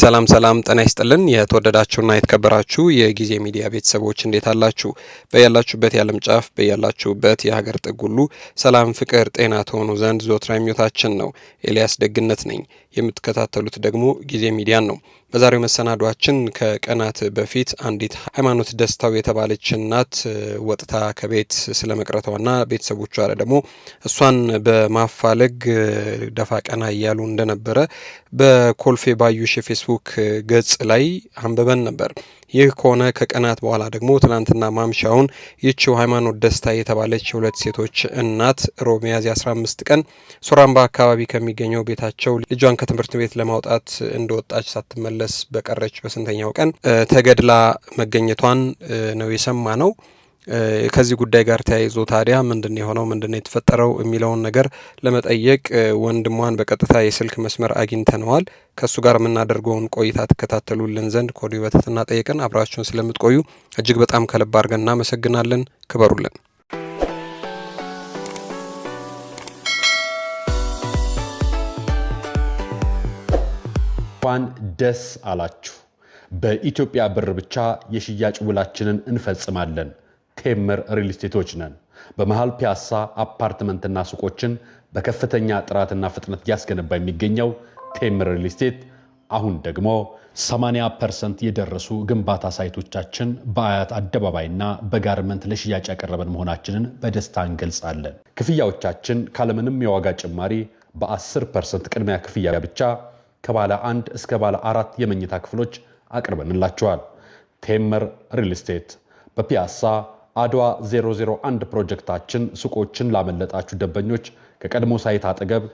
ሰላም ሰላም ጤና ይስጥልን የተወደዳችሁና የተከበራችሁ የጊዜ ሚዲያ ቤተሰቦች እንዴት አላችሁ? በያላችሁበት የዓለም ጫፍ በያላችሁበት የሀገር ጥግ ሁሉ ሰላም፣ ፍቅር፣ ጤና ተሆኑ ዘንድ ዞትራ ምኞታችን ነው። ኤልያስ ደግነት ነኝ። የምትከታተሉት ደግሞ ጊዜ ሚዲያን ነው። በዛሬው መሰናዷችን ከቀናት በፊት አንዲት ሃይማኖት ደስታው የተባለች እናት ወጥታ ከቤት ስለመቅረቷና ቤተሰቦቿ ደግሞ እሷን በማፋለግ ደፋ ቀና እያሉ እንደነበረ በኮልፌ ባዩሽ የፌስቡክ ገጽ ላይ አንብበን ነበር። ይህ ከሆነ ከቀናት በኋላ ደግሞ ትናንትና ማምሻውን ይችው ሃይማኖት ደስታ የተባለች የሁለት ሴቶች እናት ሮብ ሚያዝያ 15 ቀን ሶራምባ አካባቢ ከሚገኘው ቤታቸው ልጇን ከትምህርት ቤት ለማውጣት እንደወጣች ሳትመለስ በቀረች በስንተኛው ቀን ተገድላ መገኘቷን ነው የሰማ ነው። ከዚህ ጉዳይ ጋር ተያይዞ ታዲያ ምንድን የሆነው ምንድን የተፈጠረው የሚለውን ነገር ለመጠየቅ ወንድሟን በቀጥታ የስልክ መስመር አግኝተነዋል። ከእሱ ጋር የምናደርገውን ቆይታ ትከታተሉልን ዘንድ ከወዲሁ በትህትና ጠየቅን። አብራችሁን ስለምትቆዩ እጅግ በጣም ከልብ አድርገን እናመሰግናለን። ክበሩልን። እንኳን ደስ አላችሁ። በኢትዮጵያ ብር ብቻ የሽያጭ ውላችንን እንፈጽማለን። ቴምር ሪል ስቴቶች ነን። በመሃል ፒያሳ አፓርትመንትና ሱቆችን በከፍተኛ ጥራትና ፍጥነት እያስገነባ የሚገኘው ቴምር ሪል ስቴት አሁን ደግሞ 80 ፐርሰንት የደረሱ ግንባታ ሳይቶቻችን በአያት አደባባይና በጋርመንት ለሽያጭ ያቀረበን መሆናችንን በደስታ እንገልጻለን። ክፍያዎቻችን ካለምንም የዋጋ ጭማሪ በ10 ፐርሰንት ቅድሚያ ክፍያ ብቻ ከባለ አንድ እስከ ባለ አራት የመኝታ ክፍሎች አቅርበንላቸዋል። ቴምር ሪል ስቴት በፒያሳ አድዋ 001 ፕሮጀክታችን ሱቆችን ላመለጣችሁ ደንበኞች ከቀድሞ ሳይት አጠገብ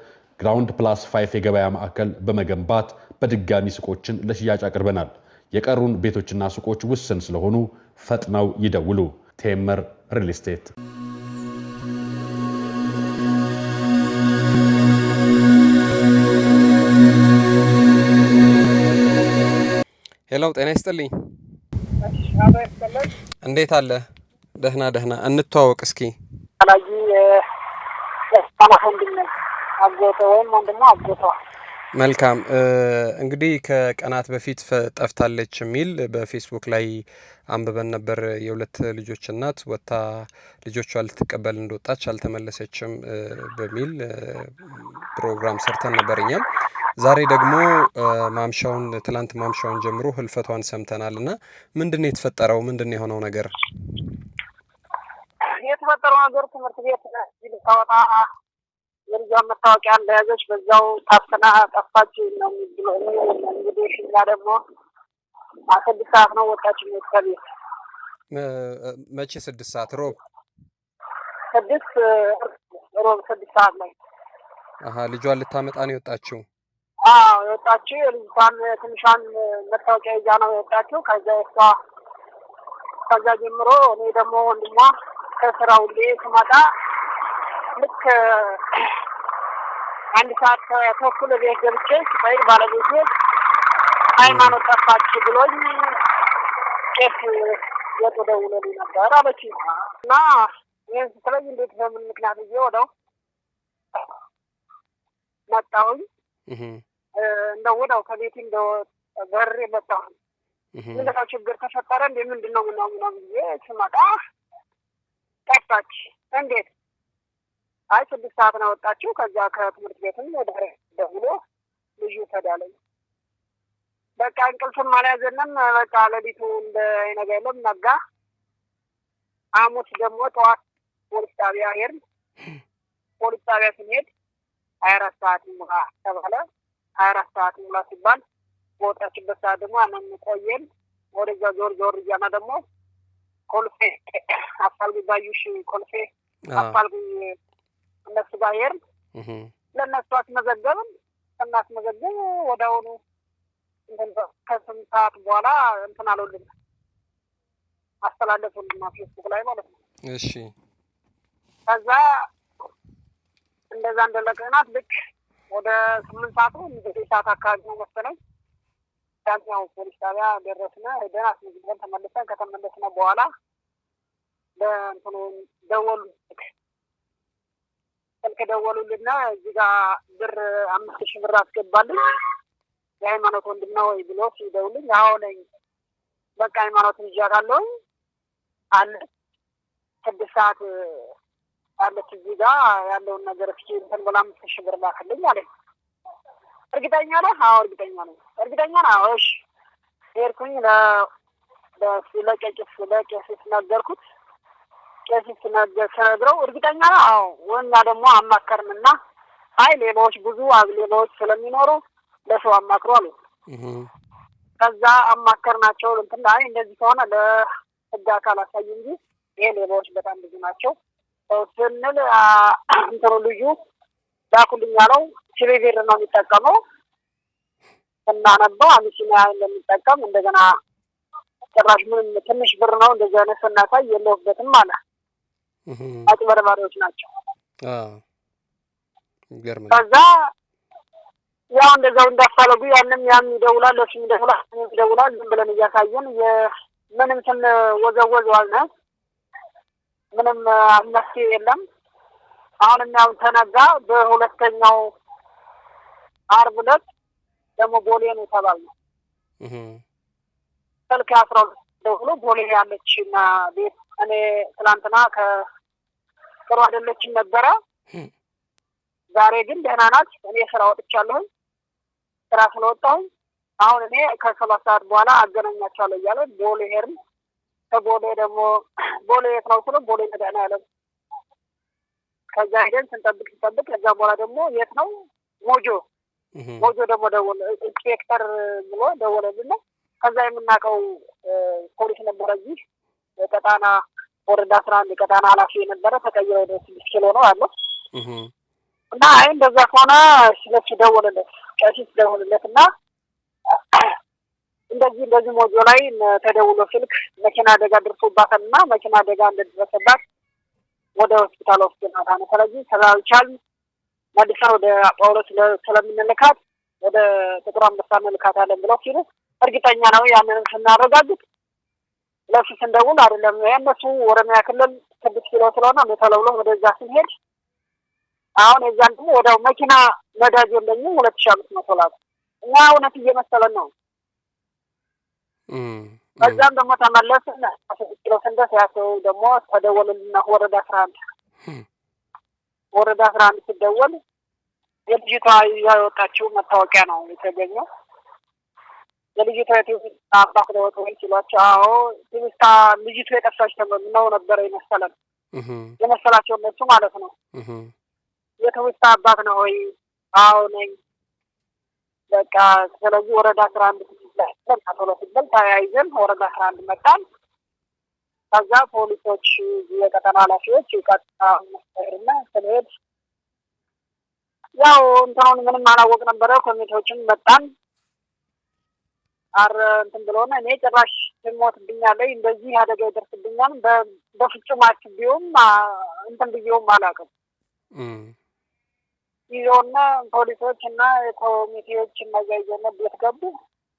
ግራውንድ ፕላስ 5 የገበያ ማዕከል በመገንባት በድጋሚ ሱቆችን ለሽያጭ አቅርበናል። የቀሩን ቤቶችና ሱቆች ውስን ስለሆኑ ፈጥነው ይደውሉ። ቴምር ሪል ስቴት ሄሎ፣ ጤና ይስጥልኝ። እንዴት አለ? ደህና ደህና። እንተዋወቅ እስኪ። አላጂ ደስታ ወንድም አጎተ ወይም ወንድሞ አጎተዋል መልካም እንግዲህ ከቀናት በፊት ጠፍታለች የሚል በፌስቡክ ላይ አንብበን ነበር። የሁለት ልጆች እናት ወታ ልጆቿ ልትቀበል እንደወጣች አልተመለሰችም በሚል ፕሮግራም ሰርተን ነበር እኛም። ዛሬ ደግሞ ማምሻውን ትላንት ማምሻውን ጀምሮ ህልፈቷን ሰምተናል እና ምንድን ነው የተፈጠረው? ምንድን የሆነው ነገር? የተፈጠረው ነገር ትምህርት ቤት ልታወጣ የልጇን መታወቂያ እንደያዘች በዛው ታፍና ጠፋች ነው የሚብለ እንግዲህ ሽኛ ደግሞ ስድስት ሰዓት ነው ወጣች ከቤት። መቼ ስድስት ሰዓት ሮብ ስድስት ሮብ ስድስት ሰዓት ላይ አሀ ልጇን ልታመጣ ነው የወጣችው። አዎ የወጣችው የልጅቷን ትንሿን መታወቂያ ይዛ ነው የወጣችው። ከዛ የሷ ከዛ ጀምሮ እኔ ደግሞ ወንድሟ ከስራ ሁሌ ስመጣ ልክ አንድ ሰዓት ተኩል ቤት ገብቼ ስጠይቅ ባለቤቴ ሃይማኖት ጠፋች ብሎኝ ቄስ ወጡ ደውሎልኝ ነበር አለችኝ። እና ይህን ስትለኝ እንዴት በምን ምክንያት እዬ ወደው መጣሁኝ። እንደው ወደው ከቤት እንደ በሬ መጣሁኝ። ምንደው ችግር ተፈጠረ እንዴ ምንድን ነው ምናምን ብዬ ስመጣ ጠፋች። እንዴት አይ ስድስት ሰዓት ነው ወጣችው። ከዚያ ከትምህርት ቤትም ወደ ደውሎ ልጁ ተዳለኝ። በቃ እንቅልፍም አልያዘንም። በቃ ሌሊቱ እንደ ነገ የለም ነጋ። ሐሙስ ደግሞ ጠዋት ፖሊስ ጣቢያ ሄድን። ፖሊስ ጣቢያ ስንሄድ ሀያ አራት ሰዓት ሙላ ተባለ። ሀያ አራት ሰዓት ሙላ ሲባል በወጣችበት ሰዓት ደግሞ አመም ቆየን። ወደዛ ዞር ዞር እያና ደግሞ ኮልፌ አፋልጉ ባዩሽ ኮልፌ አፋልጉ እነሱ ጋር ሄድን። ለእነሱ አስመዘገብን። እናስመዘግብ ወደ አሁኑ ከስንት ሰዓት በኋላ እንትን አለልን አስተላለፉልና ፌስቡክ ላይ ማለት ነው። እሺ ከዛ እንደዛ እንደለቀናት ልክ ወደ ስምንት ሰዓቱ ነው ዘጠኝ ሰዓት አካባቢ ነው መሰለኝ ዳኛው ፖሊስ ጣቢያ ደረስነ። ሄደን አስመዝግበን ተመልሰን ከተመለስነ በኋላ በእንትኑ ደወሉ ስልክ ደወሉልና እዚህ ጋር ብር አምስት ሺህ ብር አስገባልኝ የሃይማኖት ወንድም ወይ ብሎ ሲደውልኝ አዎ ነኝ። በቃ ሃይማኖትን ይዣታለሁ አለ። ስድስት ሰዓት አለች እዚህ ጋር ያለውን ነገር እስኪ እንትን ብላ አምስት ሺህ ብር ላክልኝ አለ። እርግጠኛ ነህ? አዎ እርግጠኛ ነኝ። እርግጠኛ ነህ? አዎ። እሺ ሄድኩኝ ለቄስ ለቄስ ነገርኩት። ቄሲት ነገር ስነግረው እርግጠኛ ነው። አዎ ወና ደግሞ አማከርንና አይ ሌባዎች ብዙ ሌባዎች ስለሚኖሩ ለሰው አማክሮ አሉ። ከዛ አማከርናቸው እንትን አይ እንደዚህ ከሆነ ለህግ አካል አሳይ እንጂ ይሄ ሌባዎች በጣም ብዙ ናቸው ስንል እንትኑ ልዩ ላኩልኝ አለው። ሲቪ ብር ነው የሚጠቀመው ስናነበው አቢሲኒያ እንደሚጠቀም እንደገና ጭራሽ ምንም ትንሽ ብር ነው እንደዚህ አይነት ስናሳይ የለውበትም አለ። አጭበርባሪዎች ናቸው። ከዛ ያው እንደዛው እንዳፋለጉ ያንም ያም ይደውላል፣ ለሱም ይደውላል፣ ይደውላል። ዝም ብለን እያሳየን ምንም ስንወዘወዝ ዋልነ። ምንም መፍትሄ የለም። አሁንም ያው ተነጋ። በሁለተኛው አርብ ዕለት ደግሞ ቦሌ ነው የተባልነው። ስልክ አስራ ሁለት ደውሎ ቦሌ ያለች እና ቤት እኔ ትላንትና ከ ጥሩ አይደለችም ነበረ። ዛሬ ግን ደህና ናት። እኔ ስራ ወጥቻለሁኝ። ስራ ስለወጣሁኝ አሁን እኔ ከሰባት ሰዓት በኋላ አገናኛቸዋለሁ እያለ ቦሌ ሄርን። ከቦሌ ደግሞ ቦሌ የት ነው ስለ ቦሌ መድህና ያለን ከዛ ሄደን ስንጠብቅ ስንጠብቅ ከዛ በኋላ ደግሞ የት ነው ሞጆ ሞጆ ደግሞ ደወለ ኢንስፔክተር ብሎ ደወለልን። ከዛ የምናውቀው ፖሊስ ነበረ እዚህ ቀጣና ወረዳ አስራ አንድ ቀጣና ኃላፊ የነበረ ተቀይሮ ወደ ስድስት ኪሎ ነው አለ እና አይ እንደዛ ከሆነ ለሱ ደውልለት ቀሲስ ደውልለት እና እንደዚህ እንደዚህ ሞጆ ላይ ተደውሎ ስልክ መኪና አደጋ ደርሶባታል እና መኪና አደጋ እንደደረሰባት ወደ ሆስፒታል ወስደናታ ነው። ስለዚህ ተላልቻል መልሰን ወደ ጳውሎስ ስለምንልካት ወደ ጥቁር አንበሳ እንልካታለን ብለው ሲሉ እርግጠኛ ነው። ያንንም ስናረጋግጥ ለፊት እንደውም አይደለም ይሄ ኦሮሚያ ክልል ስድስት ኪሎ ስለሆነ መቶ ወደዛ ስንሄድ አሁን የዛን ደግሞ ወደው መኪና ነዳጅ የለኝም ሁለት ሺ አምስት መቶ ላት እና እውነት እየመሰለን ነው። በዛም ደግሞ ተመለስን ስድስት ኪሎ ስንደስ ያሰው ደግሞ ተደወለልና ወረዳ አስራ አንድ ወረዳ አስራ አንድ ስደወል የልጅቷ ይዛ መታወቂያ ነው የተገኘው የልጅቷ የትውፊት አባት ለወጡ ወይ ሲሏቸው፣ አዎ ትውስታ ልጅቱ የጠፋች ነው ነበረ የመሰለን የመሰላቸው እነሱ ማለት ነው። የትውስታ አባት ነው ወይ? አዎ ነኝ። በቃ ስለዚህ ወረዳ አስራ አንድ በቃ ቶሎ ሲበል ተያይዘን ወረዳ አስራ አንድ መጣን። ከዛ ፖሊሶች የቀጠና ኃላፊዎች ቀጥታ መስጠርና ስንሄድ ያው እንትኑን ምንም አላወቅ ነበረ። ኮሚቴዎችን መጣን አር እንትን ብለውና እኔ ጭራሽ ትሞትብኛለች እንደዚህ አደጋ ይደርስብኛል በፍጹም አስቤውም እንትን ብዬውም አላውቅም። ይዘውና ፖሊሶች እና ኮሚቴዎች እነዚያ ቤት ገቡ።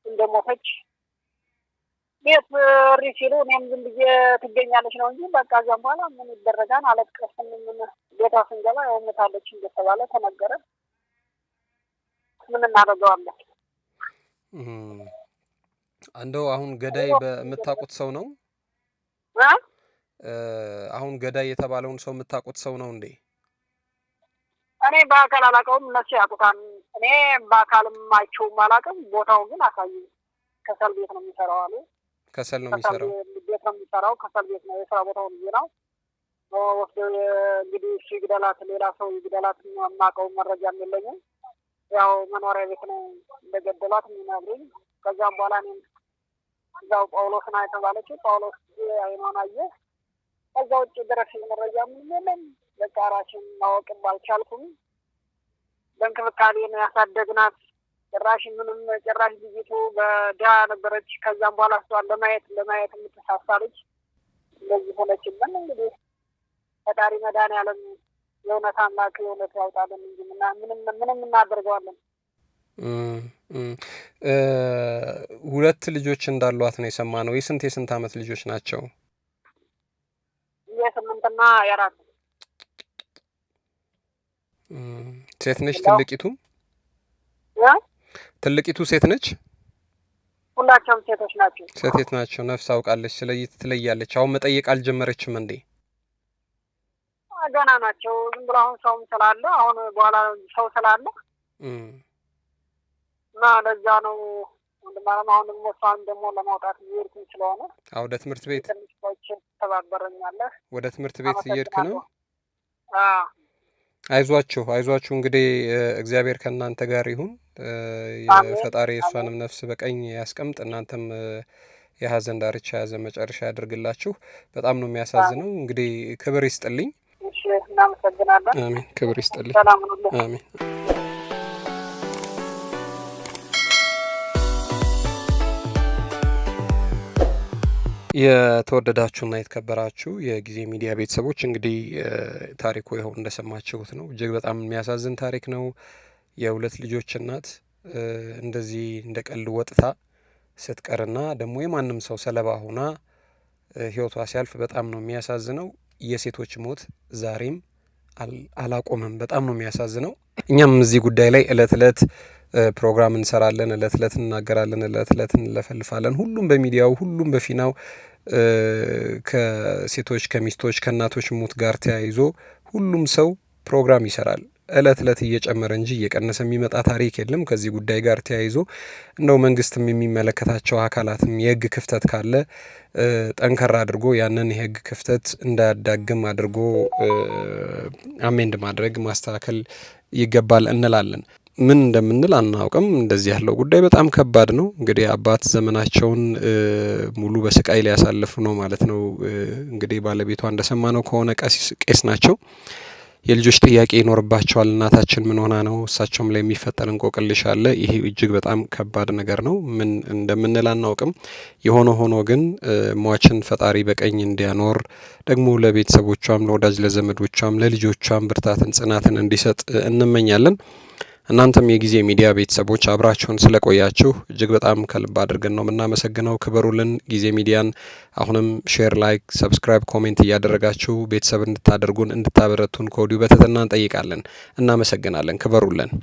እንደሞተች ቤት እሪ ሲሉ እኔም ዝም ብዬ ትገኛለች ነው እንጂ በቃ እዚያም በኋላ ምን ይደረጋል አለቀስን። ምን ቤቷ ስንገባ ያው ሞታለች እንደተባለ ተነገረ። ምን እናደርገዋለን? እንደው አሁን ገዳይ የምታውቁት ሰው ነው? አሁን ገዳይ የተባለውን ሰው የምታውቁት ሰው ነው እንዴ? እኔ በአካል አላውቀውም፣ እነሱ ያውቁታል። እኔ በአካልም አይቼውም አላውቅም። ቦታው ግን አሳዩ። ከሰል ቤት ነው የሚሰራው አሉ። ከሰል ነው የሚሰራው ቤት ነው የሚሰራው ከሰል ቤት ነው የስራ ቦታው ልዩ ነው። ወስደው እንግዲህ እሱ ይግደላት፣ ሌላ ሰው ይግደላት፣ የማውቀው መረጃ የለኝም። ያው መኖሪያ ቤት ነው እንደገደሏት የሚነግሩኝ። ከዚያም በኋላ እኔም እዛው ጳውሎስ ና የተባለችው ጳውሎስ አይኗን አየ። ከዛ ውጭ ድረስ መረጃ ምንም የለም። በቃ ራሴን ማወቅም አልቻልኩም። በእንክብካቤ ነው ያሳደግናት። ጭራሽ ምንም ጭራሽ ልጅቱ በድሃ ነበረች። ከዛም በኋላ እሷን ለማየት ለማየት የምትሳሳ ልጅ እንደዚህ ሆነችብን። እንግዲህ ፈጣሪ መድኃኔዓለም የእውነት አምላክ የእውነት ያውጣልን እንጂ ምና ምንም ምንም እናደርገዋለን ሁለት ልጆች እንዳሏት ነው የሰማ ነው። የስንት የስንት አመት ልጆች ናቸው? የስምንትና የአራት ሴት ነች። ትልቂቱ ትልቂቱ ሴት ነች። ሁላቸውም ሴቶች ናቸው። ሴቴት ናቸው። ነፍስ አውቃለች። ስለይት ትለያለች። አሁን መጠየቅ አልጀመረችም እንዴ? ገና ናቸው። ዝም ብሎ አሁን ሰውም ስላለ አሁን በኋላ ሰው ስላለ እና ለዛ ነው ወንድማለም አሁን ደግሞ እሷን ደግሞ ለማውጣት እየሄድኩኝ ስለሆነ አዎ ወደ ትምህርት ቤት ተባበረኛለህ። ወደ ትምህርት ቤት እየሄድክ ነው? አይዟችሁ አይዟችሁ። እንግዲህ እግዚአብሔር ከእናንተ ጋር ይሁን። የፈጣሪ የእሷንም ነፍስ በቀኝ ያስቀምጥ። እናንተም የሀዘን ዳርቻ የሀዘን መጨረሻ ያደርግላችሁ። በጣም ነው የሚያሳዝነው። እንግዲህ ክብር ይስጥልኝ። እናመሰግናለን። አሜን። ክብር ይስጥልኝ። አሜን። የተወደዳችሁና የተከበራችሁ የጊዜ ሚዲያ ቤተሰቦች እንግዲህ ታሪኩ ይኸው እንደሰማችሁት ነው። እጅግ በጣም የሚያሳዝን ታሪክ ነው። የሁለት ልጆች እናት እንደዚህ እንደ ቀልድ ወጥታ ስትቀርና ደግሞ የማንም ሰው ሰለባ ሆና ህይወቷ ሲያልፍ በጣም ነው የሚያሳዝነው። የሴቶች ሞት ዛሬም አላቆመም። በጣም ነው የሚያሳዝነው። እኛም እዚህ ጉዳይ ላይ እለት እለት ፕሮግራም እንሰራለን፣ እለት እለት እናገራለን፣ እለት እለት እንለፈልፋለን። ሁሉም በሚዲያው ሁሉም በፊናው ከሴቶች ከሚስቶች ከእናቶች ሞት ጋር ተያይዞ ሁሉም ሰው ፕሮግራም ይሰራል። እለት እለት እየጨመረ እንጂ እየቀነሰ የሚመጣ ታሪክ የለም። ከዚህ ጉዳይ ጋር ተያይዞ እንደው መንግስትም የሚመለከታቸው አካላትም የህግ ክፍተት ካለ ጠንከር አድርጎ ያንን የህግ ክፍተት እንዳያዳግም አድርጎ አሜንድ ማድረግ ማስተካከል ይገባል እንላለን። ምን እንደምንል አናውቅም። እንደዚህ ያለው ጉዳይ በጣም ከባድ ነው። እንግዲህ አባት ዘመናቸውን ሙሉ በስቃይ ሊያሳልፍ ነው ማለት ነው። እንግዲህ ባለቤቷ እንደሰማነው ከሆነ ቄስ ናቸው። የልጆች ጥያቄ ይኖርባቸዋል። እናታችን ምን ሆና ነው? እሳቸውም ላይ የሚፈጠር እንቆቅልሽ አለ። ይሄ እጅግ በጣም ከባድ ነገር ነው። ምን እንደምንል አናውቅም። የሆነ ሆኖ ግን ሟችን ፈጣሪ በቀኝ እንዲያኖር ደግሞ ለቤተሰቦቿም፣ ለወዳጅ ለዘመዶቿም፣ ለልጆቿም ብርታትን ጽናትን እንዲሰጥ እንመኛለን። እናንተም የጊዜ ሚዲያ ቤተሰቦች አብራችሁን ስለቆያችሁ እጅግ በጣም ከልብ አድርገን ነው የምናመሰግነው። ክበሩልን። ጊዜ ሚዲያን አሁንም ሼር፣ ላይክ፣ ሰብስክራይብ፣ ኮሜንት እያደረጋችሁ ቤተሰብ እንድታደርጉን እንድታበረቱን ከወዲሁ በትህትና እንጠይቃለን። እናመሰግናለን። ክበሩልን።